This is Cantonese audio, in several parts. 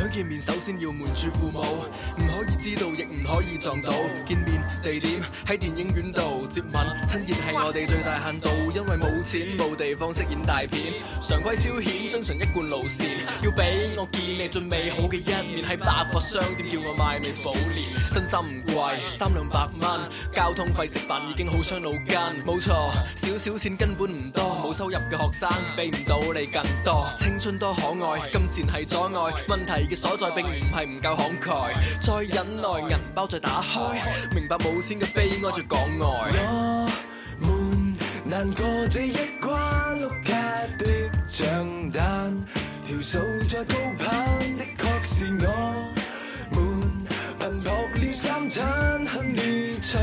想見面，首先要瞞住父母，唔可以知道，亦唔可以撞到。見面地點喺電影院度，接吻親熱係我哋最大限度，因為冇錢冇地方飾演大片，常規消遣遵循一貫路線，要俾我見你最美好嘅一面，喺百貨商店叫我買美寶蓮，薪金唔貴，三兩百蚊，交通費食飯已經好傷腦筋。冇錯，少少錢根本唔多，冇收入嘅學生俾唔到你更多。青春多可愛，金錢係阻礙，問題嘅所在並唔係唔夠慷慨，再忍耐，銀包再打開，明白冇錢嘅悲哀再講愛。我們難過這一關，碌卡的賬單，條數再高攀，的確是我們頻撲了三餐，親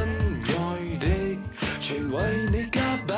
愛的，全為你加班。.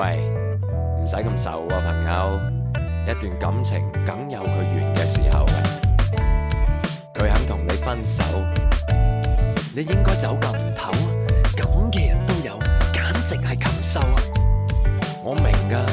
喂，唔使咁愁啊，朋友。一段感情梗有佢完嘅時候，佢肯同你分手，你應該走咁頭啊。咁嘅人都有，簡直係禽獸啊！我明噶，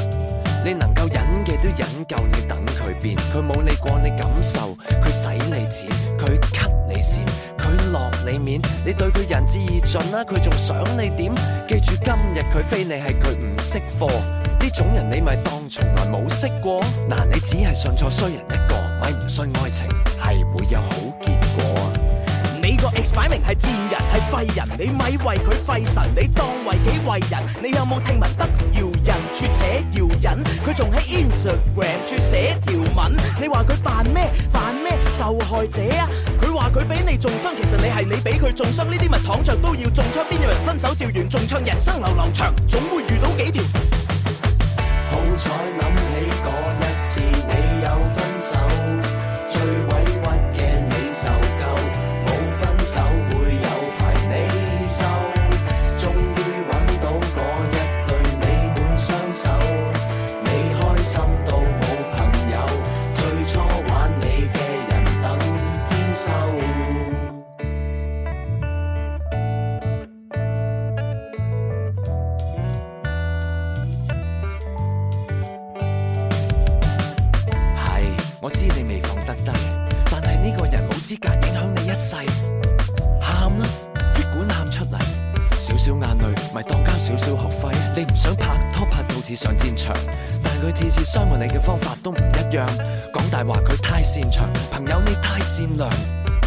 你能夠忍嘅都忍夠，你等佢變，佢冇理過你感受，佢使你錢，佢吸。佢落你面，你對佢仁至義盡啦，佢仲想你點？記住今日佢非你係佢唔識貨，呢種人你咪當從來冇識過。嗱，你只係信錯衰人一個，咪唔信愛情係會有好結果。你個 X 擺明係賤人係廢人，你咪為佢費神，你當為己為人。你有冇聽聞得饒人處且饒人？佢仲喺 Instagram 處寫條文，你話佢扮咩扮？受害者啊！佢話佢俾你重傷，其實你係你俾佢重傷。呢啲咪躺著都要中槍，邊有人分手照完中槍？人生流流長，總會遇到幾條。好彩諗起個。我知你未放得低，但係呢個人冇資格影響你一世。喊啦，即管喊出嚟，少少眼淚咪當交少少學費。你唔想拍拖拍到似上戰場，但佢次次傷害你嘅方法都唔一樣。講大話佢太擅長，朋友你太善良，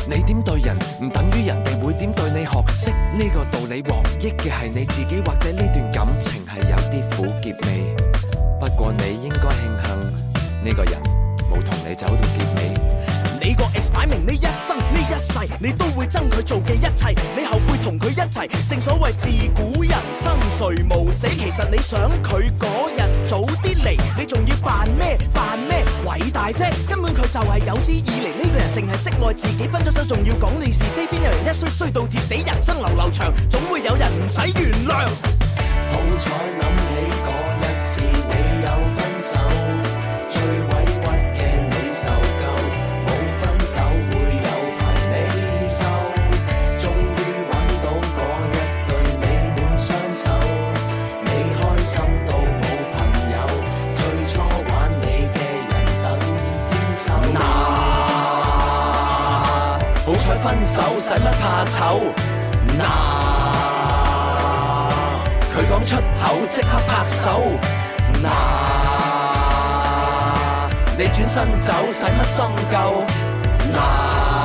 你點對人唔等於人哋會點對你，學識呢個道理。獲益嘅係你自己，或者呢段感情係有啲苦澀味。不過你應該慶幸呢個人。冇同你走到結尾，你個 ex 擺明呢一生呢一世你都會憎佢做嘅一切，你後悔同佢一齊。正所謂自古人生誰無死，其實你想佢嗰日早啲嚟，你仲要扮咩扮咩偉大啫？根本佢就係有史以來，呢個人淨係識愛自己，分咗手仲要講你是非，邊有人一衰衰到貼地，人生流流長，總會有人唔使原諒。好彩諗。好彩分手，使乜怕醜？嗱，佢講出口即刻拍手。嗱，你轉身走，使乜心夠？嗱。